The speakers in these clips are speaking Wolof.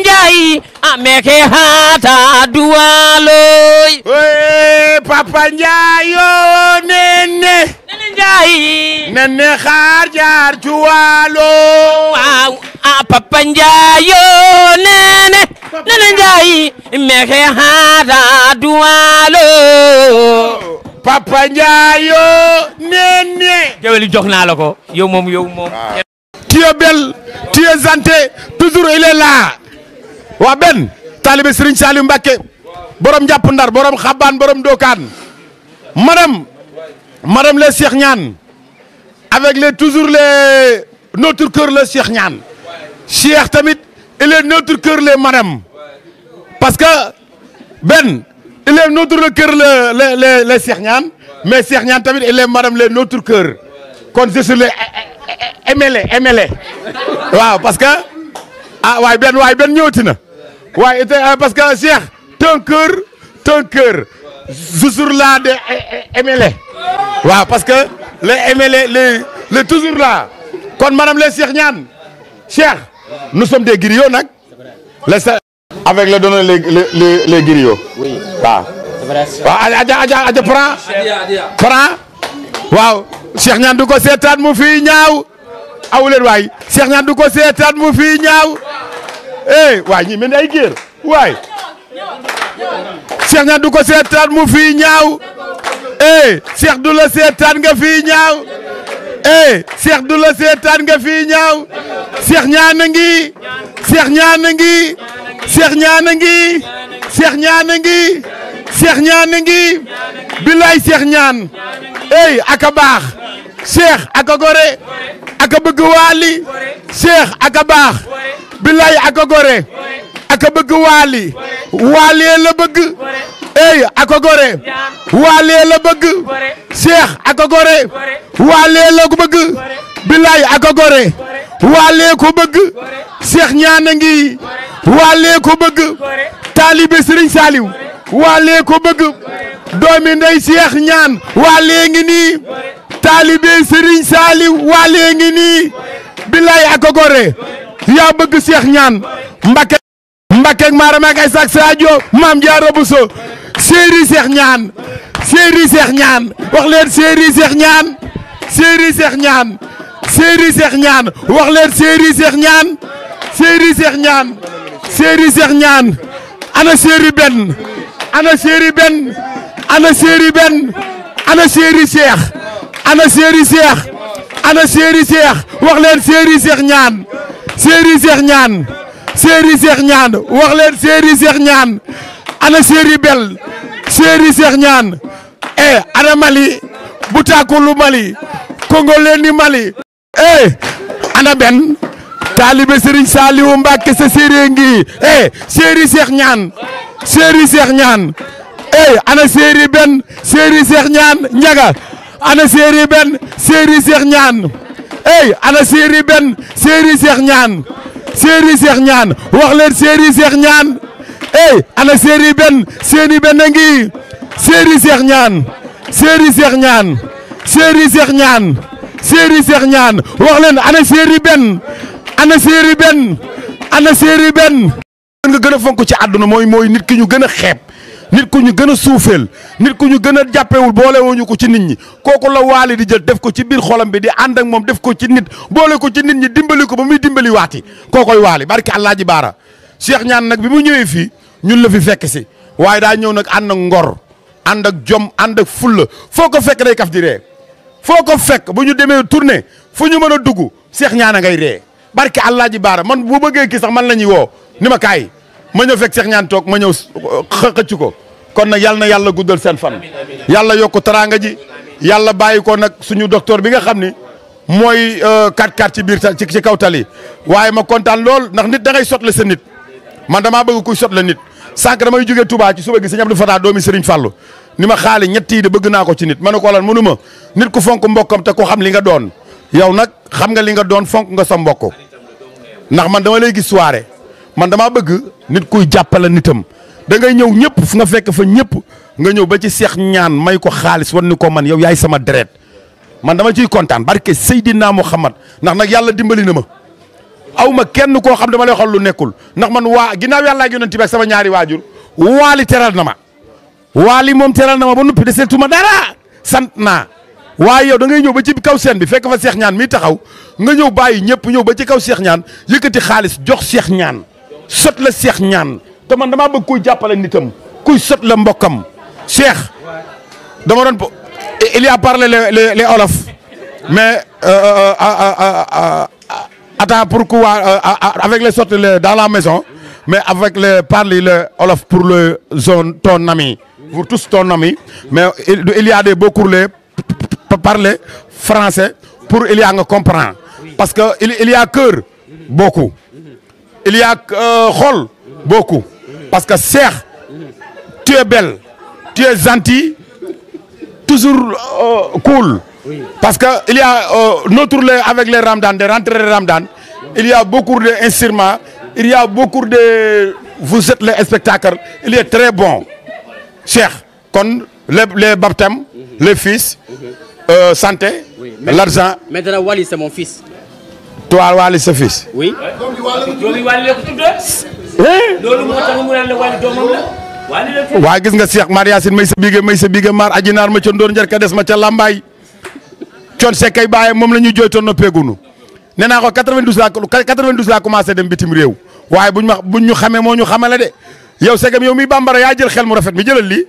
Njaay ameke hata duwaloy hey, Papa Njaay yoo oh, nene nene Njaay nene xaar jaar juwalo waaw a Papa Njaay oh, oh, jox naa ko yow moom yow moom tu es belle tu es santé waa benn taalibe Serigne Saliou Mbacke borom njàpp ndar borom xabaan borom dokaan madame madame les Cheikh Niane avec les toujours le notre cœur les Cheikh Niane Cheikh tamit il est notre cœur les madame parce que benn il est notre le cœur les les les Cheikh mais Cheikh Niane tamit il est madame les notre kon je le MLA MLA waaw parce que ah waay benn waay benn ñëwati waaye ah, parce que ah, Cheikh ton cœur ton cœur toujours de eh, eh, MLA waaw parce que les MLA les toujours là kon maanaam les Cheikh ñaan Cheikh nous sommes des griots nag avec le donné les les waaw waaw prend prend waaw Cheikh ñaan du ko seetaan mu fii ñaaw aw leen waay Cheikh ñaan du ko seetaan mu fii ñaaw eh waay ñi mel ay géer waay. Cheikh ña du ko seetaan mu fii ñaaw. eh Cheikh du la seetaan nga fii ñaaw. eh Cheikh du la seetaan nga fii ñaaw. Cheikh ñaana ngi. Cheikh ñaana ngi. Cheikh ñaana ngi. Cheikh ñaana ngi. Cheikh ñaana ngi. bilaay Cheikh ñaan. ey aka baax. Cheikh aka gore. aka bëgg waali. Cheikh aka baax. billaay ak a gore ak a bëgg waali waalee la bëgg ey ak a gore waalee la bëgg seex ak a gore waalee la bëgg billaay ak a gore waalee ko bëgg seex ñaana ngi waalee ko bëgg taalibe sëriñ saaliw waalee ko bëgg doomi ndey seex ñaan waalee ngi nii taalibe sëriñ saaliw waalee ngi nii billaay ak a gore yaa bëgg Cheikh ñaan Mbacke Mbacke ak Maram ak ay sax Sadio Maam Jaara Buso séeri Cheikh ñaan séeri Cheikh ñaan wax leen séeri Cheikh ñaan séeri Cheikh ñaan séeri Cheikh ñaan wax leen séeri Cheikh ñaan séeri Cheikh ñaan séeri Cheikh ñaan ana séeri benn ana séeri benn ana séeri benn ana séeri Cheikh ana séeri Cheikh ana séeri Cheikh wax leen séeri Cheikh ñaan séeri Cheikh ñaan séeri Cheikh Niane wax leen séeri Cheikh Niane ana séeri bel séeri Cheikh Niane eh ana Mali bu tàkkulu Mali Congo leen Mali eh ana benn taalibe Serigne Saliou Mbacke sa séeri ngi eh séeri Cheikh Niane séeri Cheikh Niane eh ana séeri benn séeri Cheikh Niane ñaga ana séeri benn séeri Cheikh Niane hey ana séeri benn séeri seex ñaan séeri seex ñaan wax leen séeri seex ñaan hey ana séeri benn séeri benn a ngi séeri seex ñaan séeri seex ñaan séeri seex ñaan séeri seex ñaan wax leen ana séeri benn ana séeri benn ana séeri benn nga gën a fonk ci àdduna mooy mooy nit ki ñu gën a xeeb nit ku ñu gën a suufeel nit ku ñu gën a jàppewul boole wuñu ko ci nit ñi kooku la waali di jël def ko ci biir xolam bi di ànd ak moom def ko ci nit boole ko ci nit ñi dimbali ko ba muy dimbali waati kookoy waali barki Alaaji Baara Cheikh ñaan nag bi mu ñëwee fii ñun la fi fekk waaye daa ñëw nag ànd ngor ànd ak jom ànd ak fulla foo ko fekk day kaf di ree foo ko fekk bu ñu demee tournée fu ñu mën a dugg Cheikh ñaan a ngay ree barki Alaaji Baara man bu bëggee kii sax man la ñuy woo ni ma ma ñëw fekk Cheikh ñaan toog ma ñëw xëcc ko kon nag yàlla na yàlla guddal seen fan yàlla yokk taraanga ji yàlla bàyyi koo nag suñu docteur bi nga xam ni mooy 4-4 euh, ci biir tal ci ci kaw tali waaye ma kontaan lool ndax nit da ngay sotle sa nit man damaa bëgg kuy sotle nit sànq damay jógee Touba ci suba gi sëñ Abdou Fatah doomi Serigne Fallou ni ma xaali ñett yi de bëgg naa ko ci nit ma ne ko lan mënu ma nit ku fonk mbokkam te ku xam li nga doon yow nag xam nga li nga doon fonk nga sa mbokk man damaa bëgg nit kuy jàppale nitam da ngay ñëw ñëpp fu nga fekk fa ñëpp nga ñëw ba ci seex ñaan may ko xaalis wan ni ko man yow yaay sama deret man dama ciy kontaan barke Seydina Muhammad ndax nag yàlla dimbali na ma aw ma kenn koo xam dama lay xool lu nekkul ndax man waa ginnaaw yàlla ak yonent bi sama ñaari waajur waali teral na ma waali moom teral na ma ba noppi ma dara sant naa waaye yow da ngay ñëw ba ci kaw seen bi fekk fa seex ñaan mi taxaw nga ñëw bàyyi ñëpp ñëw ba ci kaw seex ñaan yëkkati xaalis jox seex ñaan sot la seex ñaan te man damaa kuy jàppale nitam kuy sot la mbokkam seex dama doon il y a parlé les olof mais euh, euh, euh, attends pourquoi avec sot sottes dans la maison mais avec les parle le olof pour le zone ton ami pour tous ton ami mais il y a des beaux cours les parler français pour il y nga comprendre parce que il y a cœur il y a xool euh, parce que Cheikh tu es belle tu es gentil toujours euh, cool parce que il y a euh, notre les avec les ramadan des rentrées de ramadan il y a beaucoup de instruments il y a de vous êtes les spectacles il est très bon Cheikh kon les baptêmes les fils santé l'argent mais dara c'est mon fils Tuwaal Waly sa fils. oui. gis nga Cheikh Mar Yacine may sa bige may sa bige Mar ajinaar ma ca njar Ndiar des ma ca Lambaay. Thione Seck ay bàyyam moom la ñuy jooytoon noppeegunu nee naa ko 92 laa 92 laa commencé dem bitim réew waaye bu ma buñ ñu xamee moo ñu xamale de yow segam yow mi bambara yaa jël xel mu rafet mi jëlal lii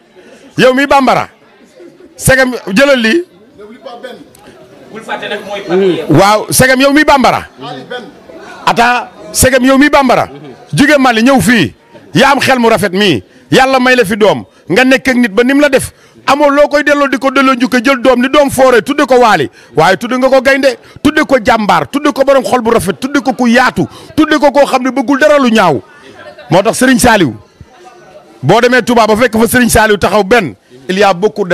yow mi bambara segam jëlal lii Mm. waaw segam yow mii bambara. ata segam yow mii bambara. jóge Mali ñëw fii yaa am xel mu rafet mii yàlla may la fi doom nga nekk ak nit ba nim la def amoo loo koy delloo di ko delloo njukka jël doom ni doom foore tudde ko waali waaye tudde nga ko gaynde tudde ko jàmbaar tudde ko borom xol bu rafet tudde ko ku yaatu tudde ko koo xam ne bëggul dara lu ñaaw moo tax Serigne Saliou boo demee Touba ba fekk fa Serigne Saliou taxaw benn il y a beaucoup de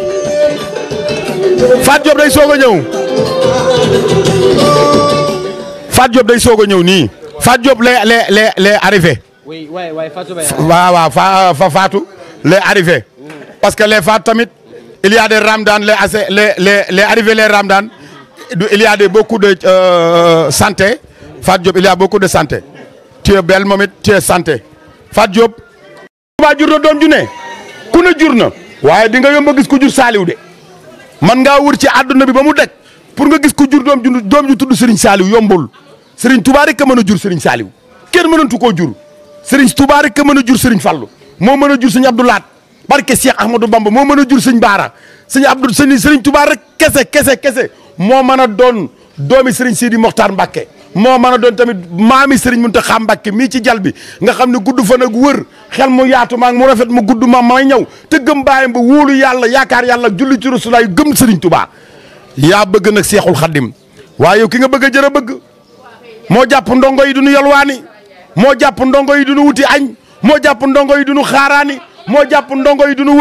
Faat Diop day soog a ñëw Faat Diop day ñëw nii Faat Diop lay lay lay lay arrivé. Fa Fa Fatou lay parce que les Fatou tamit il y a des ramadan les assez les les les arrivés les ramadan il y a des beaucoup de euh, santé Fatou Diop il y a beaucoup de santé. tu jur na doom ju ne ku ne jur na waaye di yomb a gis ku jur saaliw de. man ngaa wur ci àdduna bi ba mu daj pour nga gis ko jur doom ju doom ju tudd Serigne Saliou yombul Serigne Touba rek a mën a jur Serigne Saliou kenn mënantu koo jur Serigne Touba rek a mën a jur Serigne Fallou moo mën a jur Serigne Abdou Lahat barke Cheikh Ahmadou Bamba moo mën a jur Serigne Baara Serigne Abdou Serigne Serigne Touba rek kese kese kese moo mën a doon doomi Serigne Sidi Mokhtar Mbacké moo mën a doon tamit maami mun Mountakha Mbacké mii ci jal bi nga xam ne gudd fan ak wër xel mu yaatu maag mu rafet mu gudd ma may ñëw te gëm bàyyam ba wóolu yàlla yaakaar yàlla julli ci rasulaay gëm tu ba yaa bëgg nag seexul xaddim waaye yow ki nga bëgg a jër a bëgg moo jàpp ndongo yi du ñu yalwaani moo jàpp ndongo yi du ñu wuti añ moo jàpp ndongo yi du ñu xaaraani moo jàpp ndongo yi du ñu